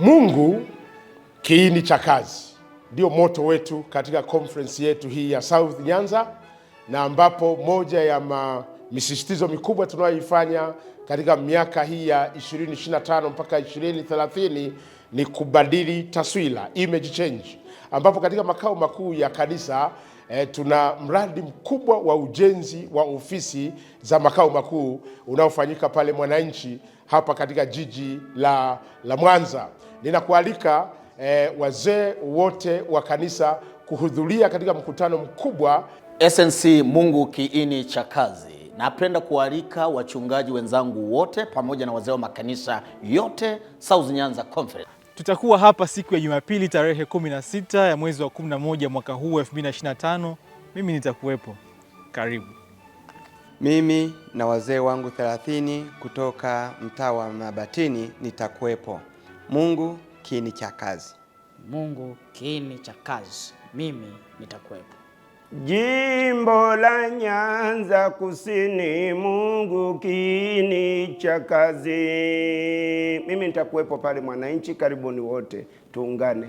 Mungu kiini cha kazi, ndio moto wetu katika conference yetu hii ya South Nyanza, na ambapo moja ya ma misisitizo mikubwa tunayoifanya katika miaka hii ya 2025 mpaka 2030 ni kubadili taswira, image change, ambapo katika makao makuu ya kanisa e, tuna mradi mkubwa wa ujenzi wa ofisi za makao makuu unaofanyika pale Mwananchi hapa katika jiji la, la Mwanza. Ninakualika e, wazee wote wa kanisa kuhudhuria katika mkutano mkubwa SNC Mungu kiini cha kazi. Napenda kualika wachungaji wenzangu wote pamoja na wazee wa makanisa yote South Nyanza Conference. Tutakuwa hapa siku ya Jumapili tarehe 16 ya mwezi wa 11 mwaka huu 2025. Mimi nitakuwepo, karibu. Mimi na wazee wangu 30 kutoka mtaa wa Mabatini nitakuwepo. Mungu kiini cha kazi. Mungu kiini cha kazi. Mimi nitakuwepo. Jimbo la Nyanza Kusini, Mungu kiini cha kazi. Mimi nitakuwepo pale, mwananchi, karibuni wote tuungane.